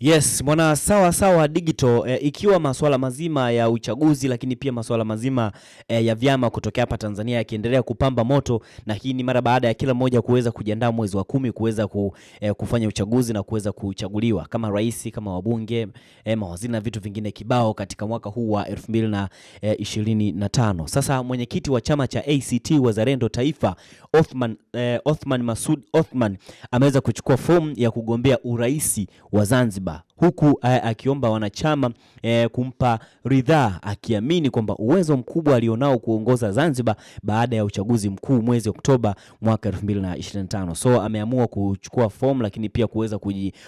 Yes, mwana sawa sawa digital e, ikiwa masuala mazima ya uchaguzi lakini pia masuala mazima e, ya vyama kutokea hapa Tanzania yakiendelea kupamba moto, na hii ni mara baada ya kila mmoja kuweza kujiandaa mwezi wa kumi kuweza ku, e, kufanya uchaguzi na kuweza kuchaguliwa kama rais, kama wabunge, e, mawaziri na vitu vingine kibao katika mwaka huu wa 2025. sasa mwenyekiti wa chama cha ACT Wazalendo Taifa Othman, e, Othman Masud Othman ameweza kuchukua fomu ya kugombea uraisi wa Zanzibar hamba huku eh, akiomba wanachama e, kumpa ridhaa akiamini kwamba uwezo mkubwa alionao kuongoza Zanzibar baada ya uchaguzi mkuu mwezi Oktoba mwaka 2025. So ameamua kuchukua fomu, lakini pia kuweza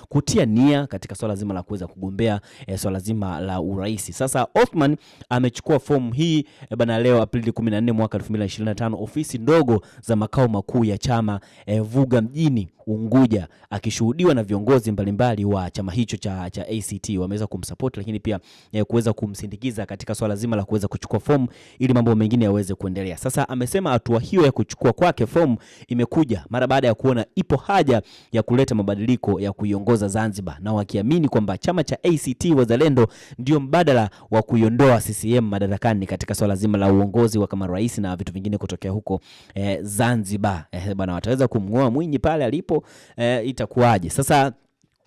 kutia nia katika swala zima la kuweza kugombea e, swala zima la urais. Sasa Othman amechukua fomu hii e, bana leo Aprili 14 mwaka 2025 ofisi ndogo za makao makuu ya chama e, Vuga mjini Unguja, akishuhudiwa na viongozi mbalimbali wa chama hicho cha cha, ACT wameweza kumsupport, lakini pia eh, kuweza kumsindikiza katika swala zima la kuweza kuchukua fomu ili mambo mengine yaweze kuendelea. Sasa amesema hatua hiyo ya kuchukua kwake fomu imekuja mara baada ya kuona ipo haja ya kuleta mabadiliko ya kuiongoza Zanzibar na wakiamini kwamba chama cha ACT Wazalendo ndio mbadala wa kuiondoa CCM madarakani katika swala zima la uongozi wa kama rais na vitu vingine kutokea huko eh, Zanzibar eh, bwana wataweza kumng'oa Mwinyi pale alipo eh, itakuwaje sasa?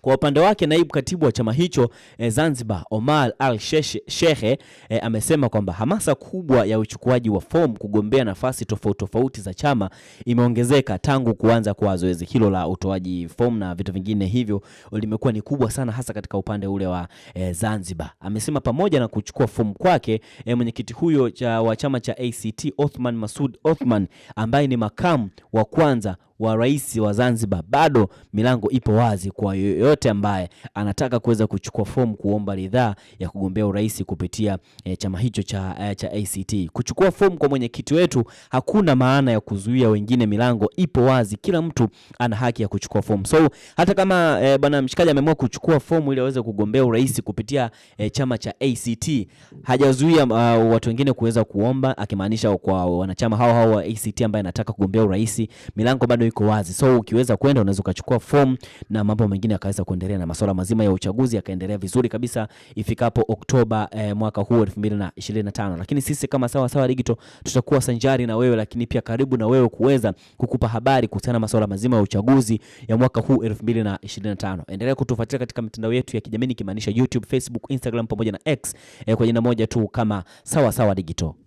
Kwa upande wake naibu katibu wa chama hicho e, Zanzibar Omar Al Shehe e, eh, amesema kwamba hamasa kubwa ya uchukuaji wa fomu kugombea nafasi tofauti tofauti za chama imeongezeka tangu kuanza kwa zoezi hilo la utoaji fomu na vitu vingine hivyo, limekuwa ni kubwa sana, hasa katika upande ule wa e, Zanzibar. Amesema pamoja na kuchukua fomu kwake e, mwenyekiti huyo cha, wa chama cha ACT Othman Masud Othman ambaye ni makamu wa kwanza wa rais wa Zanzibar, bado milango ipo wazi kwa yoyote ambaye anataka kuweza kuchukua fomu kuomba ridhaa ya kugombea urais kupitia e, chama hicho cha, e, cha ACT. Kuchukua fomu kwa mwenyekiti wetu hakuna maana ya kuzuia wengine, milango ipo wazi, kila mtu ana haki ya kuchukua fomu. So hata kama e, bwana mshikaji ameamua kuchukua fomu ili aweze kugombea urais kupitia e, chama cha ACT, hajazuia uh, watu wengine kuweza kuomba, akimaanisha kwa wanachama hao hao wa ACT ambaye anataka kugombea urais, milango bado iko wazi, so ukiweza kwenda unaweza ukachukua form na mambo mengine yakaweza kuendelea na masuala mazima ya uchaguzi yakaendelea vizuri kabisa ifikapo Oktoba eh, mwaka huu 2025. Lakini sisi kama Sawa Sawa Digital tutakuwa sanjari na wewe, lakini pia karibu na wewe kuweza kukupa habari kuhusiana na masuala mazima ya uchaguzi ya mwaka huu 2025. Endelea kutufuatilia katika mitandao yetu ya kijamii kimaanisha YouTube, Facebook, Instagram pamoja na X eh, kwa jina moja tu kama Sawa Sawa Digital.